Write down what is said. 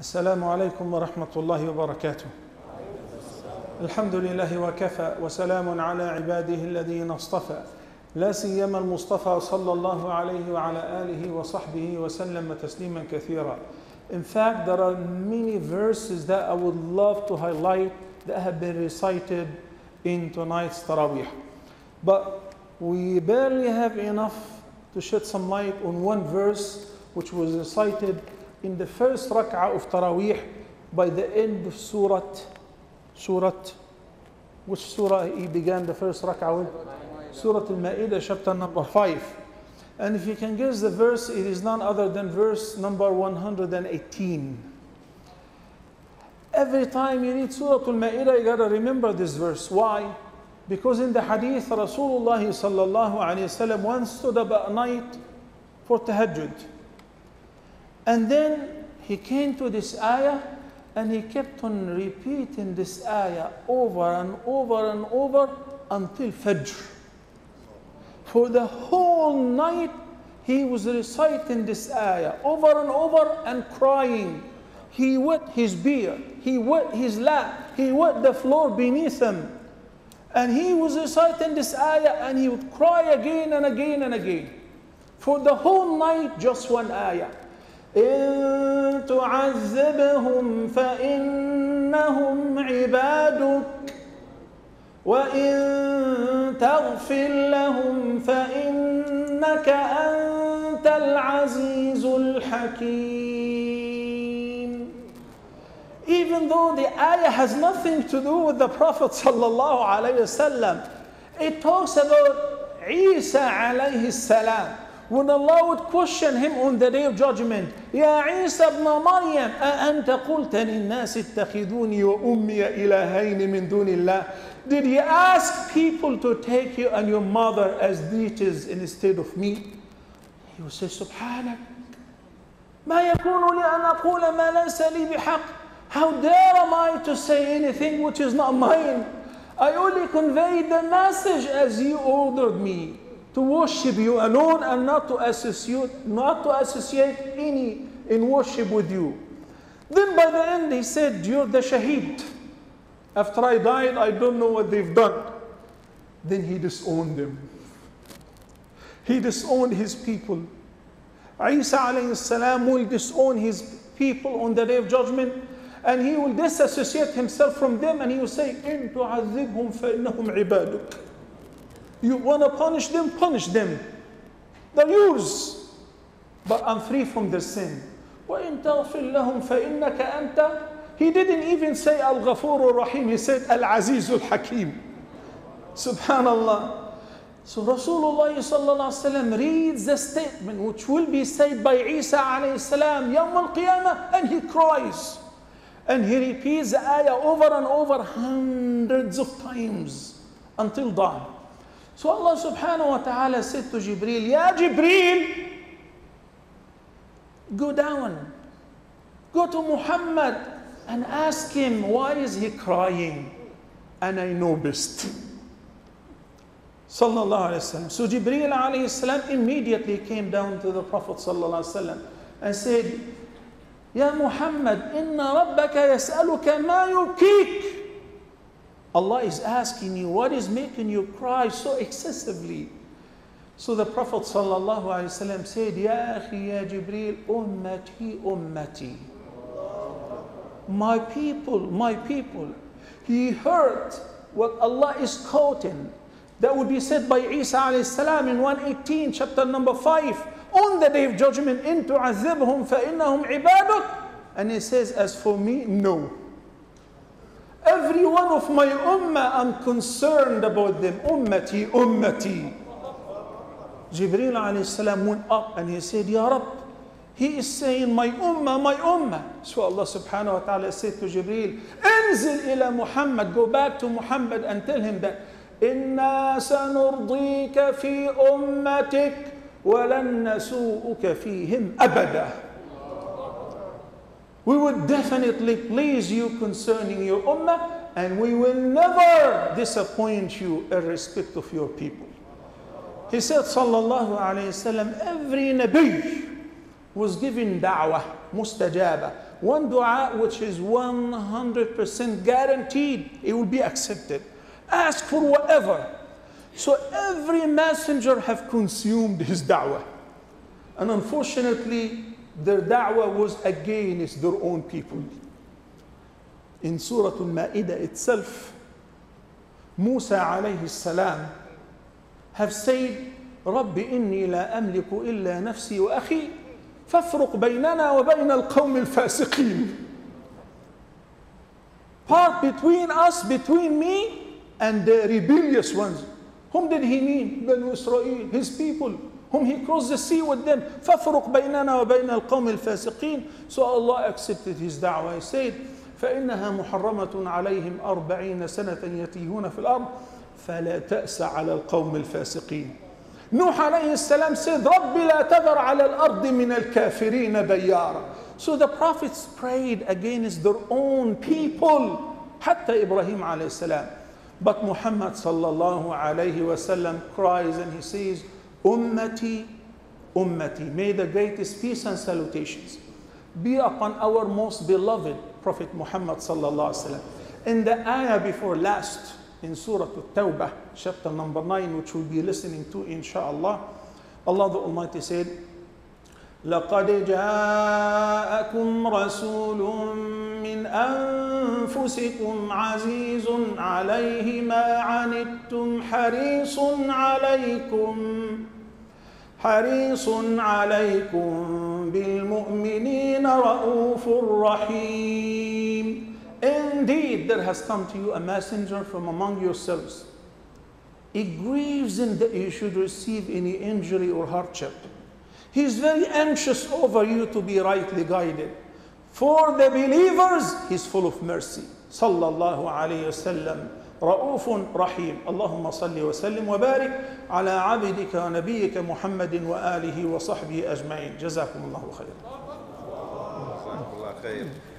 السلام عليكم ورحمة الله وبركاته الحمد لله وكفى وسلام على عباده الذين اصطفى لا سيما المصطفى صلى الله عليه وعلى آله وصحبه وسلم تسليما كثيرا In fact, there are many verses that I would love to highlight that have been recited in tonight's Tarawih But we barely have enough to shed some light on one verse which was recited in the first rak'ah of Taraweeh by the end of Surah, Surah, which Surah he began the first rak'ah with? Surah Al-Ma'idah, chapter number 5. And if you can guess the verse, it is none other than verse number 118. Every time you read Surah Al-Ma'idah, you gotta remember this verse. Why? Because in the hadith, Rasulullah once stood up at night for tahajjud. And then he came to this ayah and he kept on repeating this ayah over and over and over until Fajr. For the whole night, he was reciting this ayah over and over and crying. He wet his beard, he wet his lap, he wet the floor beneath him. And he was reciting this ayah and he would cry again and again and again. For the whole night, just one ayah. إن تعذبهم فإنهم عبادك وإن تغفر لهم فإنك أنت العزيز الحكيم Even though the ayah has nothing to do with the Prophet الله عليه وسلم, it talks about Isa عليه السلام. when Allah would question him on the day of judgment, يا عيسى ابن مريم أأنت قلت للناس اتخذوني وأمي إلهين من دون الله Did you ask people to take you and your mother as deities instead of me? He would say, سبحانك ما يكون لي أن أقول ما ليس لي بحق How dare am I to say anything which is not mine? I only conveyed the message as you ordered me to worship you alone and not to associate, not to associate any in worship with you. Then by the end he said, You're the shaheed. After I died, I don't know what they've done. Then he disowned them. He disowned his people. Isa alayhi salam will disown his people on the day of judgment and he will disassociate himself from them and he will say, إِن تُعَذِّبْهُمْ you want to punish them? Punish them. They're yours. But I'm free from their sin. وَإِن تَغْفِرْ لَهُمْ فَإِنَّكَ أَنْتَ He didn't even say Al-Ghafur Rahim. He said Al-Aziz Al-Hakim. Subhanallah. So Rasulullah sallallahu reads the statement which will be said by Isa alayhi salam Yawm al and he cries. And he repeats the ayah over and over hundreds of times until dawn. So Allah subhanahu wa ta'ala said to Jibreel, Ya Jibreel, go down go to Muhammad and ask him why is he crying and I know best صلى الله عليه وسلم so Jibril عليه السلام immediately came down to the Prophet صلى الله عليه وسلم and said Ya Muhammad, إن ربك يسألك ما يبكيك Allah is asking you, what is making you cry so excessively? So the Prophet wasallam said, Ya akhi, ya Jibreel, ummati, ummati. My people, my people. He heard what Allah is quoting. That would be said by Isa in 118, chapter number 5, on the day of judgment, into عذبهم فإنهم ibaduk. And he says, as for me, no. Every one of my ummah, I'm concerned about them. Ummati, ummati. Jibreel alayhi salam went up and he said, Ya Rab he is saying, my ummah, my ummah. So Allah subhanahu wa ta'ala said to Jibreel, انزل إلى Muhammad, go back to Muhammad and tell him that, إنا سنرضيك في أمتك ولن نسوءك فيهم أبداً. We would definitely please you concerning your ummah, and we will never disappoint you in respect of your people. He said, Sallallahu Alaihi Wasallam, every Nabi was given da'wah, mustajaba, one dua which is 100% guaranteed it will be accepted. Ask for whatever. So every messenger have consumed his da'wah. And unfortunately, their da'wah was against their own people. In Surah Al-Ma'idah itself, Musa alayhi salam have said, رب إني لا أملك إلا نفسي وأخي فافرق بيننا وبين القوم الفاسقين. Part between us, between me and the rebellious ones. Whom did he mean? Banu Israel, his people. whom he crossed the sea with them فَفْرُقْ بيننا وبين القوم الفاسقين so Allah accepted his da'wah he said فإنها محرمة عليهم أربعين سنة يتيهون في الأرض فلا تأس على القوم الفاسقين نوح عليه السلام said رب لا تذر على الأرض من الكافرين ديارا so the prophets prayed against their own people حتى إبراهيم عليه السلام but Muhammad صلى الله عليه وسلم cries and he says Ummati, Ummati. May the greatest peace and salutations be upon our most beloved Prophet Muhammad صلى الله عليه وسلم In the ayah before last, in Surah At-Tawbah, chapter number 9, which we'll be listening to inshallah, Allah the Almighty said, لقد جاءكم رسول من أنفسكم عزيز عليه ما عنتم حريص عليكم حريص عليكم بالمؤمنين رؤوف رحيم Indeed, there has come to you a messenger from among yourselves. It grieves in that you should receive any injury or hardship. He is very anxious over you to be rightly guided. For the believers, he is full of mercy. Sallallahu alayhi wasallam. رؤوف رحيم اللهم صل وسلم وبارك على عبدك ونبيك محمد وآله وصحبه أجمعين جزاكم الله خيرا الله خير